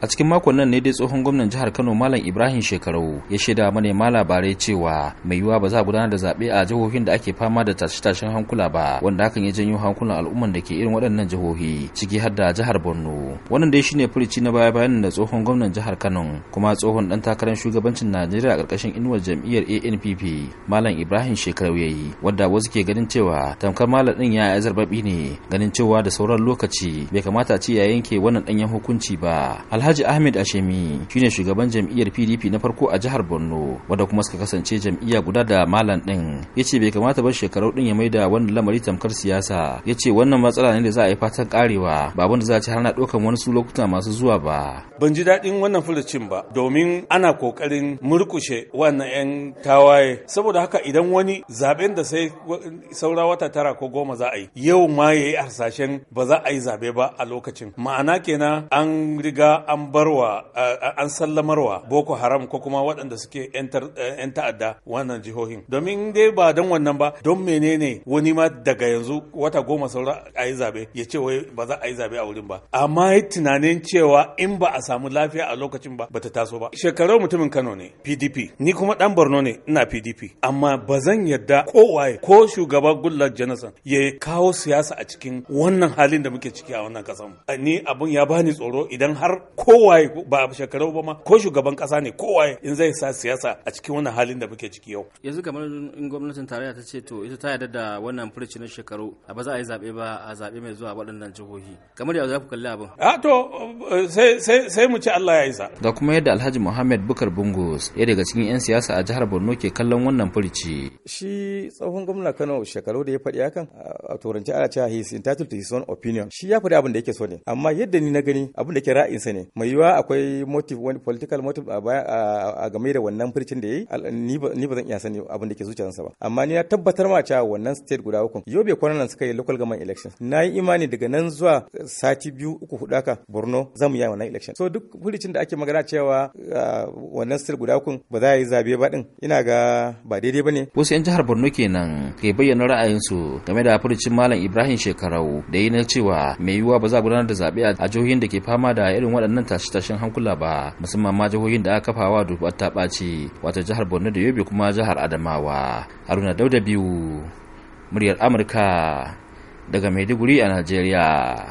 a cikin makon nan ne dai tsohon gwamnan jihar kano malam ibrahim shekarau ya shaida manema labarai cewa mai yiwuwa ba za a gudanar da zaɓe a jihohin da ake fama da tashe-tashen hankula ba wanda hakan ya janyo hankulan al'umman da ke irin waɗannan jihohi ciki har da jihar borno wannan dai shine furici na baya bayan da tsohon gwamnan jihar kano kuma tsohon dan takarar shugabancin najeriya a ƙarƙashin inuwar jam'iyyar anpp malam ibrahim shekarau ya yi wadda wasu ke ganin cewa tamkar malam ɗin ya yi zarbaɓi ne ganin cewa da sauran lokaci bai kamata ce ya yanke wannan ɗanyen hukunci ba Alhaji Ahmed Ashemi shine shugaban jam'iyyar PDP na farko a jihar Borno wanda kuma suka kasance jam'iyya guda da malam din yace bai kamata ba shekaru din ya maida wannan lamari tamkar siyasa yace wannan matsala ne da za a yi fatan karewa ba wanda za a ci har na dokan wani su lokuta masu zuwa ba ban ji daɗin wannan furucin ba domin ana kokarin murkushe wannan yan tawaye saboda haka idan wani zaben da sai saura wata tara ko goma za a yi yau ma yayi harsashen ba za a yi zabe ba a lokacin ma'ana kenan an riga an an barwa an sallamarwa Boko Haram ko kuma waɗanda suke eh, 'yan ta'adda wannan jihohin. Domin dai ba don wannan ba don menene wani ma daga yanzu wata goma saura a yi zabe ya ce wai ba za a yi zabe a wurin ba. Amma yi tunanin cewa in ba a samu lafiya a lokacin ba bata taso ba. Shekarar mutumin Kano ne PDP ni kuma ɗan Borno ne ina PDP amma ba zan yarda kowaye ko shugaba gullar Jonathan ya kawo siyasa a cikin wannan halin da muke ciki a wannan kasan. Ni abun ya bani tsoro idan har ko kowaye ba shekaru ba ma ko shugaban kasa ne kowaye in zai sa siyasa a cikin wannan halin da muke ciki yau yanzu kamar in gwamnatin tarayya ta ce to ita ta yarda da wannan furici na shekaru a ba za a yi zaɓe ba a zaɓe mai zuwa waɗannan jihohi kamar yanzu za ku kalli abin a to sai mu ci Allah ya yi sa. da kuma yadda Alhaji Muhammad Bukar Bungus ya daga cikin 'yan siyasa a jihar Borno ke kallon wannan furici shi tsohon gwamna Kano shekaru da ya faɗi hakan a turanci ana cewa he ta entitled to his own opinion shi ya faɗi abin da yake so ne amma yadda ni na gani abin da ke ra'ayinsa ne mai yiwa akwai motive wani political motive a baya a game da wannan furcin da yayi ni ba zan iya sani abin da ke zuciyarsa ba amma ni na tabbatar ma cewa wannan state guda uku yobe kwanan nan suka yi local government election na yi imani daga nan zuwa sati biyu uku hudu haka borno za mu yi wannan election so duk furcin da ake magana cewa wannan state guda uku ba za yi zabe ba din ina ga ba daidai ba ne wasu yan jihar borno kenan ke bayyana ra'ayinsu game da furcin malam ibrahim shekarau da yi na cewa mai yiwuwa ba za a gudanar da zabe a jihohin da ke fama da irin waɗannan tashe tashin hankula ba musamman ma jihohin da aka kafawa dubu ta ɓaci Wata jihar borno da yobe kuma jihar adamawa haruna dauda biyu muryar amurka daga maiduguri a najeriya